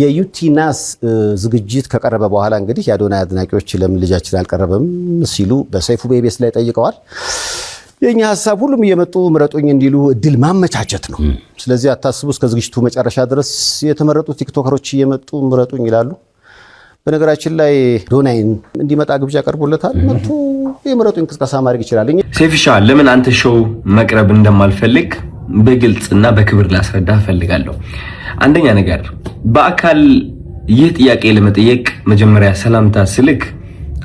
የዩቲናስ ዝግጅት ከቀረበ በኋላ እንግዲህ የአዶናይ አድናቂዎች ለምን ልጃችን አልቀረበም ሲሉ በሰይፉ ቤቤስ ላይ ጠይቀዋል። የእኛ ሀሳብ ሁሉም እየመጡ ምረጡኝ እንዲሉ እድል ማመቻቸት ነው። ስለዚህ አታስቡ፣ እስከ ዝግጅቱ መጨረሻ ድረስ የተመረጡ ቲክቶከሮች እየመጡ ምረጡኝ ይላሉ። በነገራችን ላይ ዶናይን እንዲመጣ ግብዣ ቀርቦለታል። መጥቶ የምረጡኝ ቅስቀሳ ማድረግ ይችላል። ሴፍሻ ለምን አንተ ሾው መቅረብ እንደማልፈልግ በግልጽ እና በክብር ላስረዳ እፈልጋለሁ። አንደኛ ነገር በአካል ይህ ጥያቄ ለመጠየቅ መጀመሪያ ሰላምታ ስልክ፣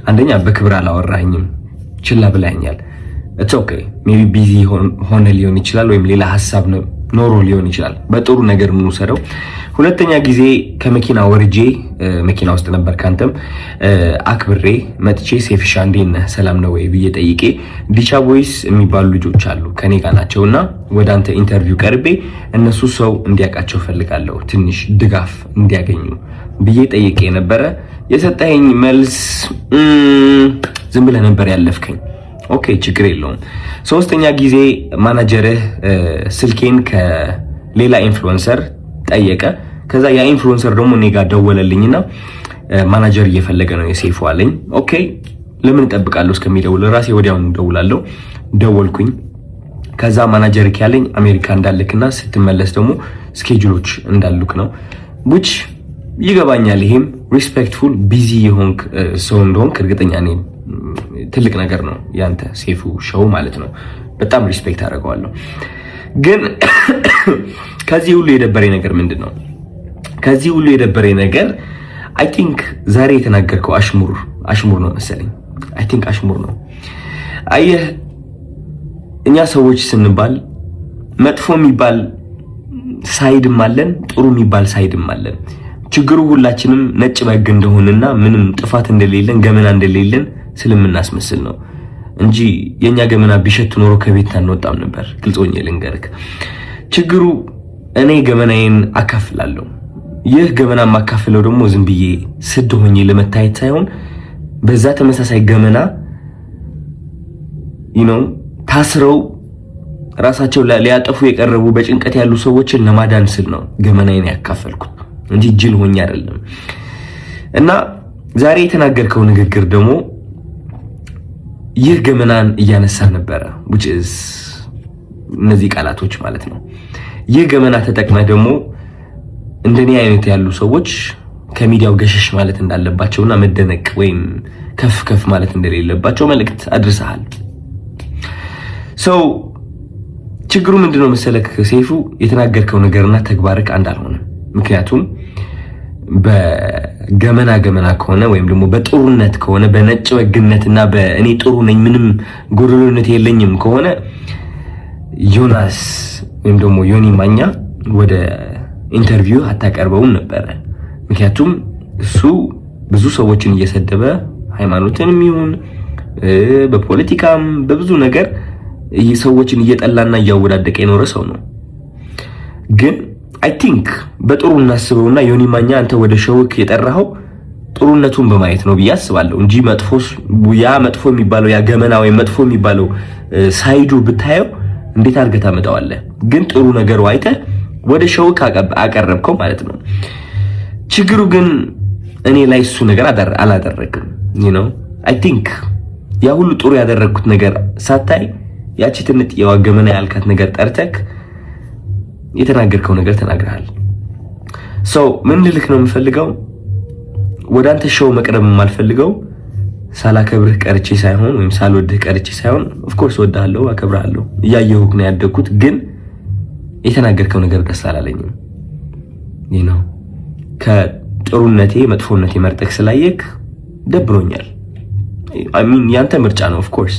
አንደኛ በክብር አላወራኝም፣ ችላ ብላኛል። ኦኬ ሜቢ ቢዚ ሆነ ሊሆን ይችላል፣ ወይም ሌላ ሀሳብ ነው ኖሮ ሊሆን ይችላል። በጥሩ ነገር የምንወስደው። ሁለተኛ ጊዜ ከመኪና ወርጄ መኪና ውስጥ ነበር። ካንተም አክብሬ መጥቼ ሴፍሻ እንዴነ ሰላም ነው ወይ ብዬ ጠይቄ ዲቻ ቦይስ የሚባሉ ልጆች አሉ ከኔ ጋር ናቸው እና ወደ አንተ ኢንተርቪው ቀርቤ እነሱ ሰው እንዲያውቃቸው ፈልጋለሁ ትንሽ ድጋፍ እንዲያገኙ ብዬ ጠይቄ ነበረ። የሰጠኸኝ መልስ ዝም ብለህ ነበር ያለፍከኝ። ኦኬ ችግር የለውም። ሶስተኛ ጊዜ ማናጀርህ ስልኬን ከሌላ ኢንፍሉዌንሰር ጠየቀ። ከዛ ያ ኢንፍሉዌንሰር ደግሞ እኔ ጋር ደወለልኝና ማናጀር እየፈለገ ነው የሴፉ አለኝ። ኦኬ ለምን እጠብቃለሁ እስከሚደውል ራሴ ወዲያውን እደውላለሁ። ደወልኩኝ። ከዛ ማናጀር ያለኝ አሜሪካ እንዳልክና ስትመለስ ደግሞ ስኬጁሎች እንዳሉክ ነው። ቡች ይገባኛል። ይሄም ሪስፔክትፉል ቢዚ የሆንክ ሰው እንደሆንክ እርግጠኛ ነኝ። ትልቅ ነገር ነው ያንተ ሴፉ ሾው ማለት ነው። በጣም ሪስፔክት አደርገዋለሁ። ግን ከዚህ ሁሉ የደበሬ ነገር ምንድን ነው? ከዚህ ሁሉ የደበሬ ነገር አይ ቲንክ ዛሬ የተናገርከው አሽሙር አሽሙር ነው መሰለኝ። አይ ቲንክ አሽሙር ነው። አየህ እኛ ሰዎች ስንባል መጥፎ የሚባል ሳይድም አለን፣ ጥሩ የሚባል ሳይድም አለን። ችግሩ ሁላችንም ነጭ በግ እንደሆንና ምንም ጥፋት እንደሌለን ገመና እንደሌለን ስለምናስመስል ነው እንጂ የእኛ ገመና ቢሸት ኖሮ ከቤት አንወጣም ነበር። ግልጾኝ ልንገርክ፣ ችግሩ እኔ ገመናዬን አካፍላለሁ። ይህ ገመና የማካፍለው ደግሞ ዝም ብዬ ስድ ሆኜ ለመታየት ሳይሆን በዛ ተመሳሳይ ገመና ነው ታስረው ራሳቸው ሊያጠፉ የቀረቡ በጭንቀት ያሉ ሰዎችን ለማዳን ስል ነው ገመናዬን ያካፈልኩት እንጂ ጅል ሆኜ አይደለም። እና ዛሬ የተናገርከው ንግግር ደግሞ ይህ ገመናን እያነሳ ነበረ። እነዚህ ቃላቶች ማለት ነው። ይህ ገመና ተጠቅመህ ደግሞ እንደኔ አይነት ያሉ ሰዎች ከሚዲያው ገሸሽ ማለት እንዳለባቸውና መደነቅ ወይም ከፍ ከፍ ማለት እንደሌለባቸው መልእክት አድርሰሃል። ሰው ችግሩ ምንድነው መሰለህ ሰይፉ፣ የተናገርከው ነገርና ተግባርክ አንድ አልሆነ። ምክንያቱም ገመና ገመና ከሆነ ወይም ደግሞ በጥሩነት ከሆነ በነጭ ወግነትና በእኔ ጥሩ ነኝ ምንም ጉድልነት የለኝም ከሆነ ዮናስ ወይም ደግሞ ዮኒ ማኛ ወደ ኢንተርቪው አታቀርበውም ነበረ። ምክንያቱም እሱ ብዙ ሰዎችን እየሰደበ ሃይማኖትንም ይሁን በፖለቲካም በብዙ ነገር ሰዎችን እየጠላና እያወዳደቀ የኖረ ሰው ነው ግን አይ ቲንክ በጥሩ እናስበውና ዮኒ ማኛ አንተ ወደ ሸውክ የጠራኸው ጥሩነቱን በማየት ነው ብዬ አስባለሁ እንጂ መጥፎስ ያ መጥፎ የሚባለው ያ ገመና ወይም መጥፎ የሚባለው ሳይዱ ብታየው እንዴት አድርገህ ታመጣዋለህ? ግን ጥሩ ነገሩ አይተህ ወደ ሸውክ አቀረብከው ማለት ነው። ችግሩ ግን እኔ ላይ እሱ ነገር አላደረግም ነው። አይ ቲንክ ያ ሁሉ ጥሩ ያደረግኩት ነገር ሳታይ ያቺ ትንጥ የዋገመና ያልካት ነገር ጠርተክ የተናገርከው ነገር ተናግረሃል። ሰው ምን ልልክ ነው የምፈልገው፣ ወደ አንተ ሾው መቅረብ የማልፈልገው ሳላከብርህ ቀርቼ ሳይሆን ወይም ሳልወድህ ቀርቼ ሳይሆን፣ ኦፍኮርስ ወድሃለሁ፣ አከብርሃለሁ፣ እያየሁህ ነው ያደግኩት። ግን የተናገርከው ነገር ደስ አላለኝም። ይህ ነው ከጥሩነቴ መጥፎነቴ መርጠቅ ስላየክ ደብሮኛል። ያንተ ምርጫ ነው ኦፍኮርስ